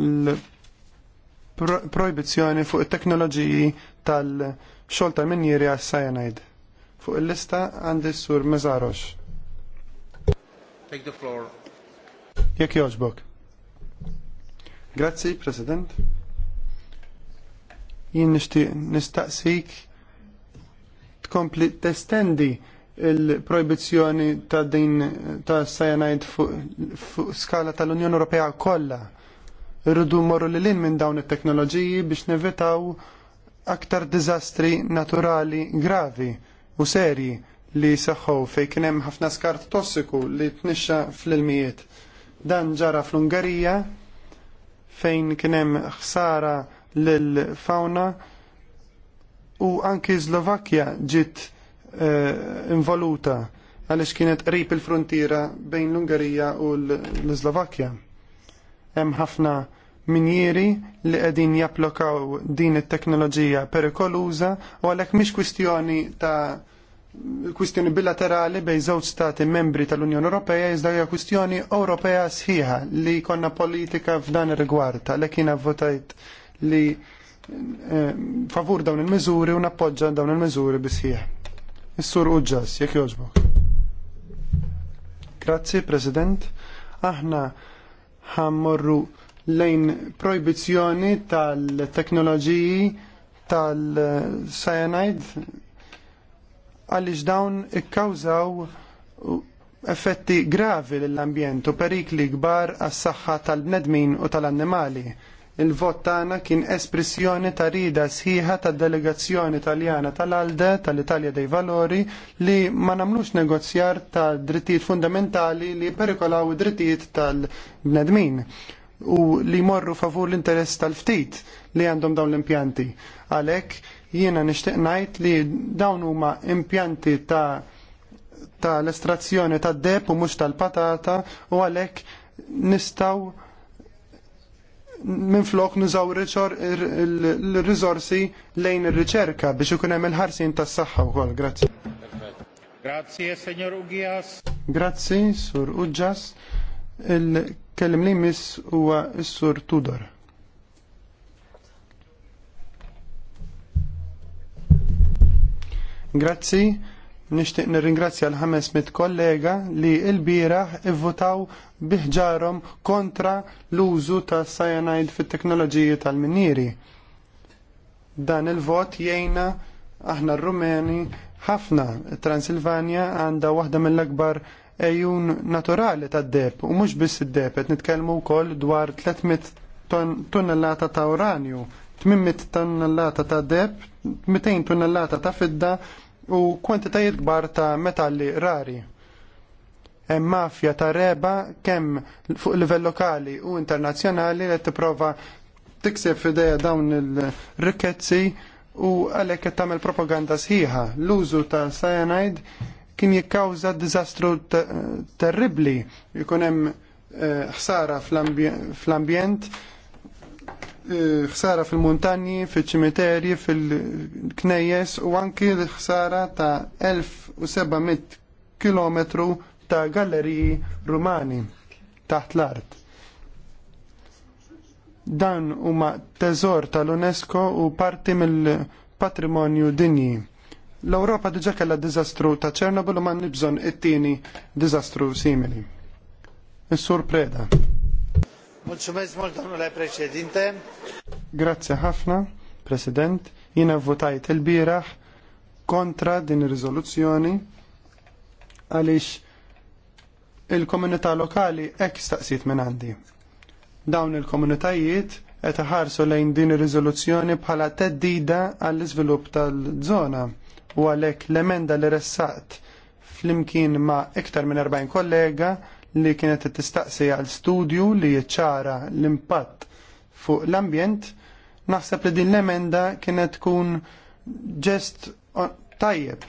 l-proibizjoni fuq it-teknoloġiji tal-xogħol ta' minjieri għas sajanajd. Fuq il-lista għandi s-sur Mezarox. Take the floor. joġbok. Grazzi, President. Jien nixtieq nistaqsik tkompli testendi il-proibizjoni ta' din ta' cyanide fuq fu skala tal-Unjoni Ewropea kollha Rridu morru li lin minn dawn it-teknoloġiji biex nevitaw aktar diżastri naturali gravi u serji li seħħu fej kien hemm ħafna skart tossiku li tnixxa fl-ilmijiet. Dan ġara fl ungerija fejn kien hemm ħsara lil fawna u anki Slovakkja ġiet eh, involuta għaliex kienet qrib il-frontiera bejn l ungerija u l-Slovakkja hemm ħafna minjeri li qegħdin japplokaw din it-teknoloġija perikoluża u għalhekk mhix kwistjoni ta' kwistjoni bilaterali bej żewġ stati membri tal-Unjoni Ewropea iżda hija kwistjoni Ewropea sħiħa li konna politika f'dan ir-rigward għalhekk jiena votajt li eh, favur dawn il-miżuri u nappoġġa dawn il-miżuri bisħiħ. Is-sur Uġġas, jekk jogħġbok. Grazzi, President. Aħna ħammorru lejn projbizzjoni tal-teknoloġiji tal-cyanide għaliex dawn ikkawżaw effetti gravi l-ambjent u perikli kbar għas saħħa tal-bnedmin u tal-annimali il-vot tagħna kien espressjoni ta' rida sħiħa tad delegazzjoni taljana tal-Alde tal-Italja dei Valori li ma nagħmlux negozjar ta' drittijiet fundamentali li perikolaw drittijiet tal-bnedmin u li morru favur l-interess tal-ftit li għandhom dawn l-impjanti. Għalhekk jiena nixtieq ngħid li dawn huma impjanti ta' tal estrazzjoni tad deb u mhux tal-patata u għalhekk nistgħu minn flok nużaw il-rizorsi lejn il riċerka biex ikun hemm il-ħarsin tas-saħħa wkoll. Grazzi. Grazie, signor Ugias. Grazzi, sur Uġas. Il-kellim li miss huwa sur Tudor. Grazie nixtieq nirringrazzja l-500 kollega li il bieraħ ivvutaw biħġarhom kontra l-użu ta' cyanide fit-teknoloġiji tal-minieri. Dan il-vot jgħinna aħna r-Rumeni ħafna Transilvania għandha waħda mill-akbar ejjun naturali tad-deb u mhux biss id-deb qed nitkellmu wkoll dwar 300 tonnellata ta' uranju, 800 tonnellata ta' deb, 200 tonnellata ta' fidda, u kwantitajiet kbar ta' metalli rari. Hemm mafja ta' reba kemm fuq livell lokali u internazzjonali li tipprova tikseb f'idejha dawn il-rikkezzi u għalhekk qed tagħmel propaganda sħiħa. L-użu ta' cyanide kien jikkawża diżastru terribbli jkun hemm eh, ħsara fl-ambjent ħsara fil-muntanji, fil-ċimiterji, fil-knejjes u anki l ħsara ta' 1700 km ta' galleriji rumani taħt l-art. Dan huma teżor tal-UNESCO u parti mill-patrimonju dinji. L-Ewropa diġa kellha diżastru ta' Ċernobil u ma' nibżon it-tieni diżastru simili. Is-sur Preda. Grazie ħafna, President. Jina votajt il-biraħ kontra din ir-riżoluzzjoni għaliex il-komunità lokali hekk staqsit minn għandi. Dawn il-komunitajiet qed iħarsu lejn din ir-riżoluzzjoni bħala teddida għall-iżvilupp tal-żona u għalhekk l-emenda li ressaqt flimkien ma' iktar minn 40 kollega li kienet tistaqsi għal studju li jċara l-impatt fuq l-ambjent, naħseb li din l-emenda kienet tkun ġest tajjeb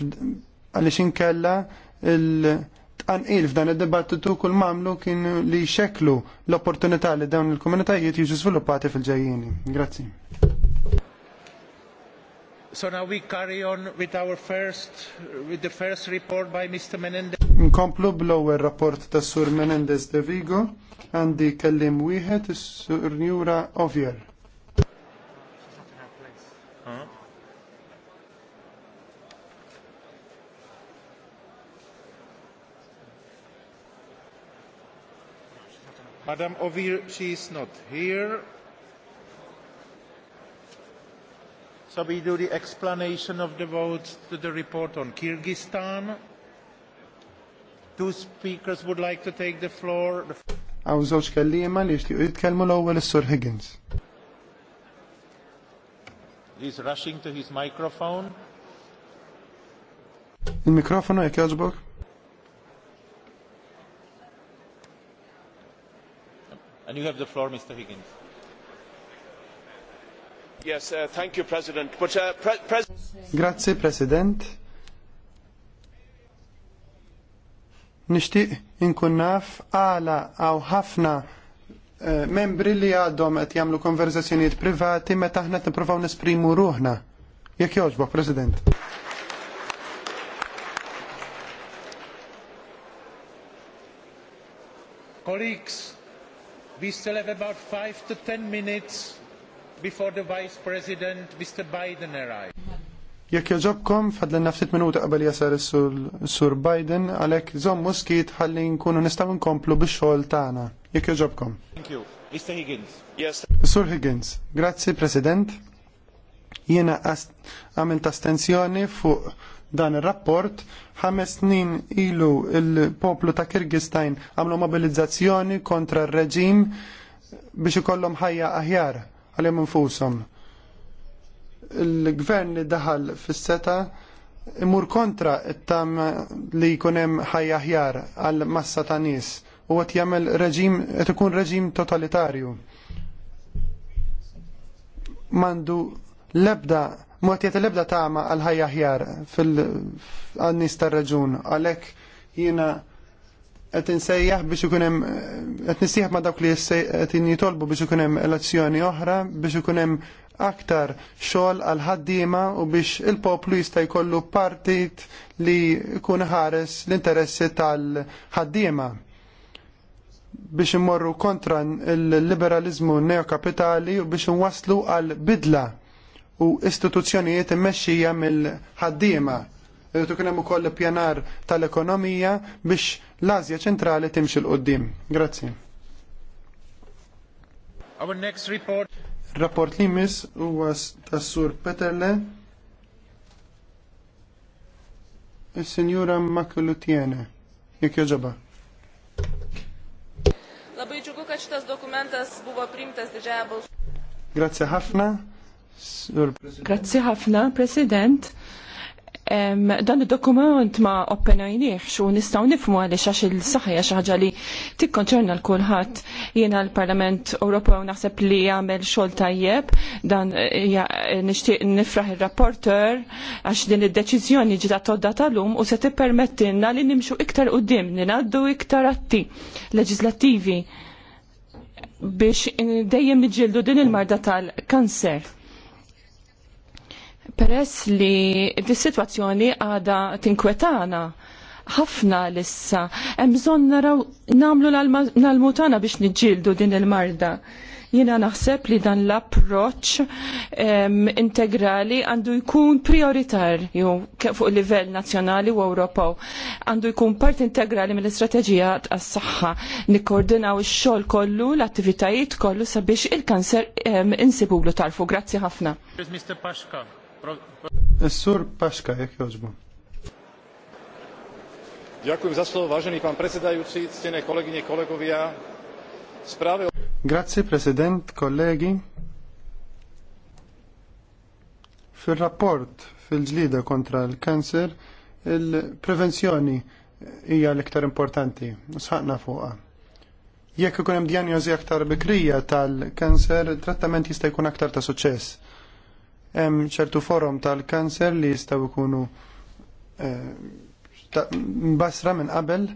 għaliex inkella il-tqanqil f'dan id-dibattitu kull mamlu kien li xeklu l-opportunità li dawn il-komunitajiet jiġu sviluppati fil-ġajjini. Grazzi. So now we carry on with our first, with the first report by Mr. Menendez. Nkomplu bl-ewwel rapport tas Sur Menendez de Vigo għandi kellim wieħed is-Sur Njura Ovjer. Madam Ovir, she is not here. So we do the explanation of the votes to the report on Kyrgyzstan. Two speakers would like to take the floor. Għaw zoċ kelli kellima li jishtiqu jitkelmu l-ewwel is-Sur Higgins. He's rushing to his microphone. Il-mikrofonu jek jaġbok? And you have the floor, Mr. Higgins. Yes, uh, thank you, President. But, uh, pre Pre Grazie, President. nixtieq inkun naf għala għaw ħafna eh, membri li għadhom qed jagħmlu konverzazzjonijiet privati meta aħna nippruvaw nesprimu ruħna. Jekk jogħġbok, President. Colleagues, we still have about five to ten minutes before the Vice President, Mr. Biden, arrives. Jekk joġobkom, fadlen nafsit minuta qabel jasar sur Biden, għalek zom muskit ħalli nkunu nistaw nkomplu biex xogħol tagħna. Jekk joġobkom. Thank you. Mr. Higgins. Yes. Sur Higgins, grazzi President. Jiena għamilt astenzjoni fuq dan ir-rapport ħames snin ilu il-poplu ta' Kirgistajn għamlu mobilizzazzjoni kontra r-reġim biex ikollhom ħajja aħjar għalhom infushom il-gvern li daħal fis-seta imur kontra it-tam li jkunem ħajja ħjar għal massa ta' nies u qed jagħmel reġim qed ikun reġim totalitarju. Mandu lebda mod jagħti lebda tama għal ħajja ħjar fil-nies tar-raġun għalhekk jiena qed insejjaħ biex ikun hemm eh, qed nissieħ ma' dawk li qed jitolbu biex ikun hemm elezzjoni oħra biex ikun hemm aktar xogħol għal ħaddiema u biex il-poplu jista' jkollu partit li jkun ħares l-interessi tal-ħaddiema biex immorru kontra il-liberalizmu neokapitali u biex nwaslu għal bidla u istituzzjonijiet immexxija mill-ħaddiema Irritu kien hemm ukoll pjanar tal-ekonomija biex l-Asja ċentrali timxi l qoddim Grazzi. Our next report. Rapport li mis huwa tas-sur Peterle. il sinjura Makulutjene. Jek joġoba. Labi džiugu, kaċ tas dokumentas buvo primtas didžiaja Grazie ħafna. Grazie ħafna, President dan id-dokument ma oppenajniħ u nistaw nifmu għaliex għax il saxja xi ħaġa li tikkonċerna l kulħadd jiena l-Parlament Ewropew naħseb li jagħmel xogħol tajjeb dan eh, eh, nixtieq nifraħ ir-rapporter għax din id-deċiżjoni ġiet todda tal-lum u se tippermettilna li nimxu iktar u li ngħaddu iktar atti leġislattivi biex dejjem niġildu din il-marda tal-kanser Peress li di situazzjoni għada tinkwetana ħafna lissa, hemm bżonn naraw nagħmlu l-mutana biex niġġieldu din il-marda. Jiena naħseb li dan l-approċ integrali għandu jkun prioritarju fuq livell nazzjonali u Ewropew. Għandu jkun part integrali mill-istrateġija għas-saħħa. Nikkoordinaw ix-xogħol kollu, l-attivitajiet kollu sabiex il-kanser insibulu tarfu. Grazzi ħafna. Mr. Pashka. Ďakujem za slovo, vážený pán predsedajúci, ctené kolegyne, kolegovia. Správe... Grazie, president, kollegi. Fil-rapport fil-ġlida kontra l-kanser, il-prevenzjoni hija l-iktar importanti, sħaqna fuqa. Jekk ikun hemm dijanjosi aktar bikrija tal-kanser, trattament jista' jkun aktar ta' suċċess hemm ċertu forum tal-kanser li jistgħu jkunu eh, mbasra minn qabel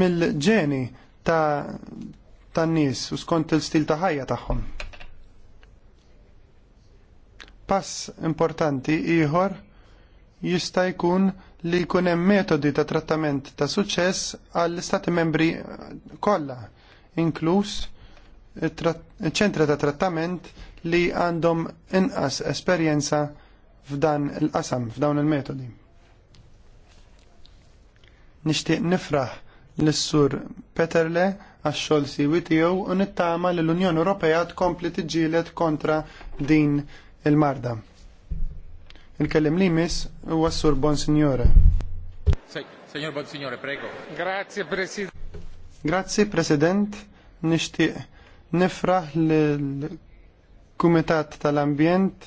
mill-ġeni ta' tan-nies u skont il-stil ta' ħajja tagħhom. Pass importanti ieħor jista' jkun li jkun hemm metodi ta' trattament ta' suċċess għall-istati membri kollha, inkluż ċentra ta' trattament li għandhom inqas esperjenza f'dan il-qasam, f'dawn il-metodi. Nixtieq nifraħ l-sur Peterle għax xogħol siwi tiegħu u nittama li l-Unjoni Ewropea tkompli tiġielet kontra din il-marda. Il-kellim li miss huwa s-sur Bonsignore. Signor Bonsignore, prego. Grazie, President. Grazie, President. Nixtieq nifraħ l Kumitat tal-Ambjent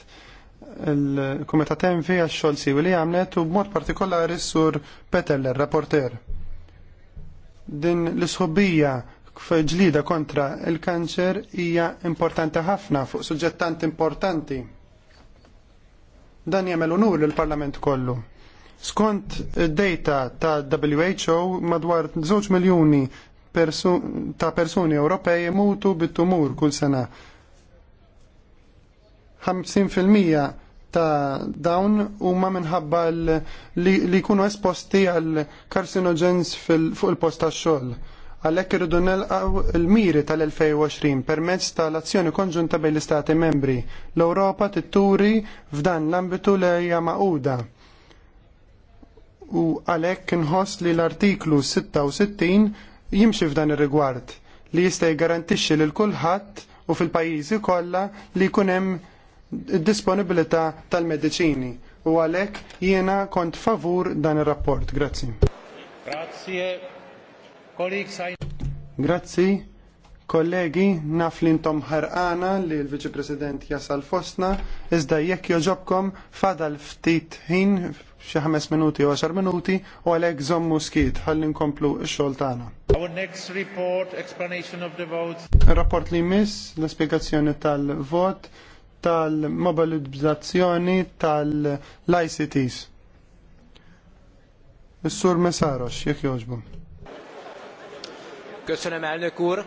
il-Kumitat Envi għax-xogħol siwi li għamlet u b'mod partikolari sur Peteller, rapporter. Din l-isħobija ġlida kontra il-kanċer hija importanti ħafna fuq suġġettant importanti. Dan jagħmel unur l parlament kollu. Skont data ta' WHO madwar 2 miljuni persu ta' persuni Ewropej mutu bit-tumur kull sena 50% ta' dawn huma minħabba li jkunu esposti għal karsinogens fuq il-post ta' xogħol Għalhekk irridu nelqgħu l-miri tal-2020 permezz tal-azzjoni konġunta bejn l-Istati membri. L-Ewropa titturi f'dan l-ambitu li hija maquda. U għalhekk inħoss li l-artiklu 66 jimxi f'dan ir-rigward li jista' jgarantixxi lil kulħadd u fil-pajjiżi kollha li jkun hemm disponibilità tal-mediċini u għalhekk jiena kont favur dan ir-rapport. Grazzi. Grazie. Grazzi. Kollegi, naf li intom ħarqana li l-Viċi President jasal fostna, iżda jekk joġobkom fadal ftit ħin xi ħames minuti u 10 minuti u għalhekk żomm muskiet. ħalli nkomplu x-xogħol tagħna. Our next report, explanation of the vote. Il-rapport li miss, l-spiegazzjoni tal-vot tal-mobilizzazzjoni tal-ICTs. Is-sur Mesaros, jekk jogħġbu. Köszönöm, elnök úr!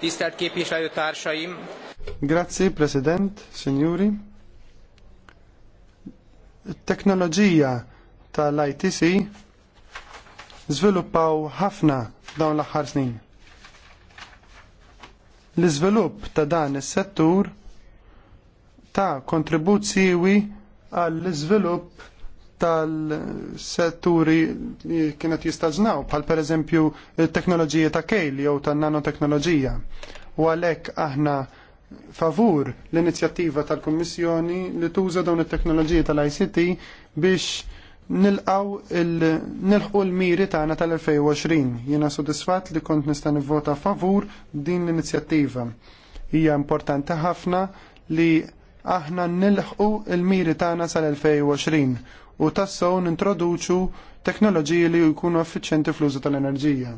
Tisztelt képviselőtársaim! Grazzi, President, Signori. Teknoloġija tal-ITC żviluppaw ħafna dawn l-aħħar snin. L-iżvilupp ta' dan is-settur ta' kontribut għall-iżvilupp tal-setturi li kienet jistaġnaw, bħal per eżempju teknoloġija ta' kejl jew ta' nanoteknoloġija. U għalek aħna favur l-inizjattiva tal-Kommissjoni li tuża dawn it-teknoloġija tal-ICT biex nilqaw nilħu l-miri tagħna tal-2020. Jiena sodisfatt li kont nista' nivvota favur din l-inizjattiva. Hija importanti ħafna li aħna nilħqu il-miri tagħna sal-2020 u tassu nintroduċu teknoloġiji li jkunu effiċenti fl-użu tal-enerġija.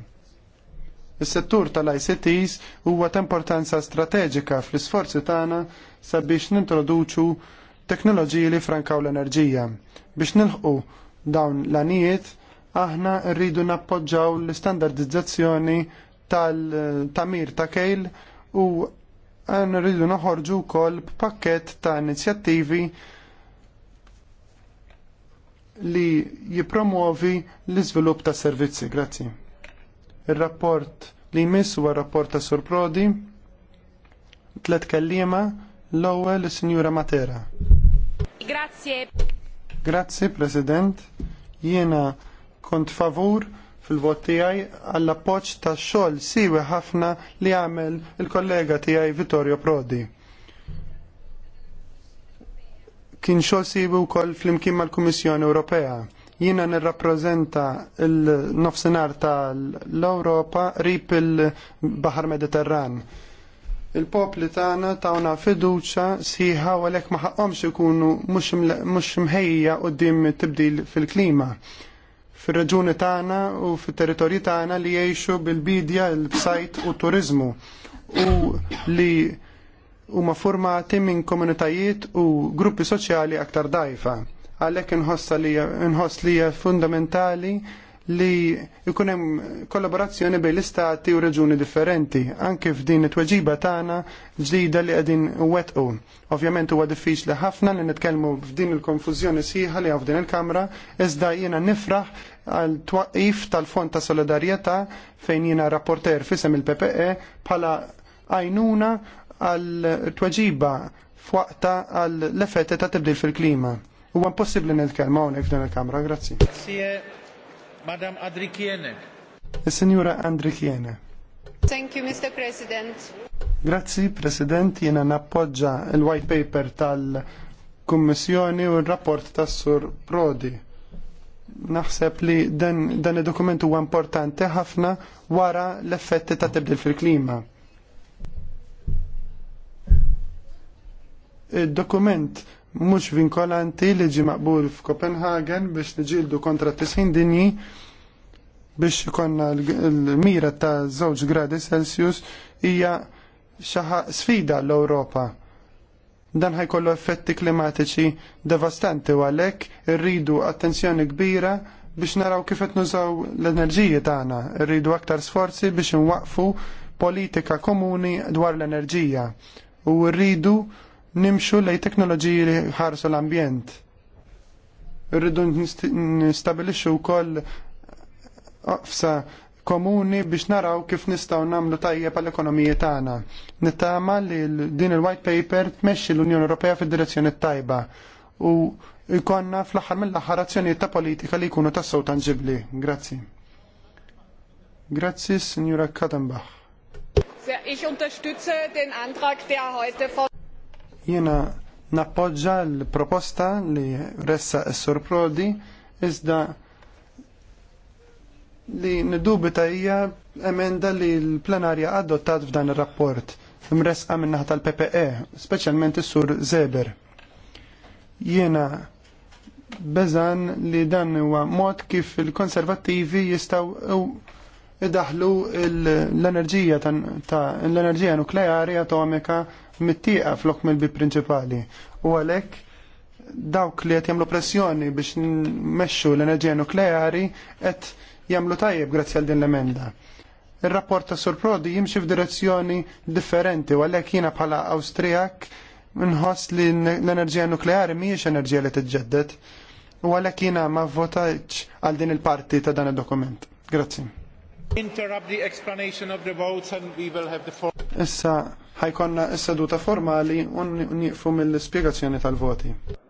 Is-settur tal-ICTs huwa ta' importanza strateġika fl-isforzi tagħna sabiex nintroduċu teknoloġiji li frankaw l-enerġija. Biex nilħqu dawn l-anijiet, aħna rridu nappoġġaw l-standardizzazzjoni tal-tamir ta' kejl u għan rridu noħorġu wkoll b'pakkett ta' inizjattivi li jipromuovi l-iżvilupp ta' servizzi. Grazzi. Ir-rapport li jmiss huwa rapport ta' Surprodi, tlet kelliema l-ewwel is-Sinjura Matera. Grazie. Grazzi, President. Jiena kont favur fil-vot tiegħi għall appoġġ tax-xogħol siwe ħafna li għamel il-kollega tiegħi Vittorio Prodi. Kien xogħol siwi wkoll flimkien mal-Kummissjoni Ewropea. Jiena nirrappreżenta l-nofsinhar tal-Ewropa rip il-Baħar Mediterran il-popli tagħna tawna fiduċa siħa u għalhekk ma ħaqhomx ikunu mhux mħejja quddiem tibdil fil-klima fir-reġuni tagħna u fit-territorji tagħna li jgħixu bil-bidja, il-bsajt u turizmu u li huma formati minn komunitajiet u gruppi soċjali aktar dajfa. Għalhekk inħoss li hija fundamentali li jkun hemm kollaborazzjoni bejn l-istati u reġuni differenti, anke f'din it-tweġiba tagħna ġdida li qegħdin wettqu. Ovvjament huwa diffiċli ħafna li nitkellmu f'din il-konfużjoni sħiħa li f'din il-Kamra, iżda jiena nifraħ għal twaqif tal-Fond ta' Solidarjetà fejn jiena rapporter fisem il-PPE bħala għajnuna għal tweġiba f'waqta għal l-effetti ta' tibdil fil-klima. Huwa impossibbli n-kelma hawnhekk f'dan il-Kamra, grazzi. Grazie, Madam Adrikiene. Is-Sinjura e Andrikiene. Thank you, Mr. President. Grazzi, President, jiena nappoġġa l white paper tal-Kummissjoni u r-rapport tas-Sur Prodi naħseb li dan, id il-dokument huwa importanti ħafna wara l-effetti ta' tibdil fil-klima. Il-dokument mhux vinkolanti li ġi maqbul f'Kopenhagen biex niġildu kontra 90 dinji biex konna l-mira ta' 2 gradi Celsius hija sfida l-Ewropa dan ħajkollu effetti klimatiċi devastanti u għalhekk irridu attenzjoni kbira biex naraw kif qed nużaw l-enerġiji tagħna, irridu aktar sforzi biex inwaqfu politika komuni dwar l-enerġija u rridu nimxu lej teknoloġiji li ħarsu l-ambjent. Irridu nistabilixxu wkoll qafsa komuni biex naraw kif nistgħu nagħmlu tajjeb għall ekonomiji tagħna. Nittama li din il-white paper tmexxi l-Unjoni Ewropea fid-direzzjoni tajba u jkollna fl-aħħar mill-aħħar azzjonijiet ta' politika li jkunu tassew tanġibli. Grazzi. Grazzi, Signora Kadenbach. Ich unterstütze den Antrag, der heute von Jena nappoġġa l-proposta li ressa s-sorprodi iżda li nidubita hija emenda li l-plenarja adottat f'dan ir-rapport imresqa minnaħ tal-PPE, speċjalment is-sur Zeber. Jiena beżan li dan huwa mod kif il-konservattivi jistgħu idaħlu l-enerġija ta' l-enerġija nukleari atomika mittieqa flok mill-bib prinċipali. U għalhekk dawk li qed jagħmlu pressjoni biex nmexxu l-enerġija nukleari qed Jamlu tajjeb grazzi għal din l-emenda. Ir-rapport ta' Surprodi jimxi f'direzzjoni differenti u għalhekk jiena bħala Austrijak nħoss li l-enerġija nukleari mhijiex enerġija li t-ġeddet, u għalhekk jiena ma votaċ għal din il-parti ta' dan id-dokument. Grazzi. Interrupt the explanation of the votes and we will have the form. Issa ħajkonna issa duta formali u nieqfu mill spiegazzjoni tal-voti.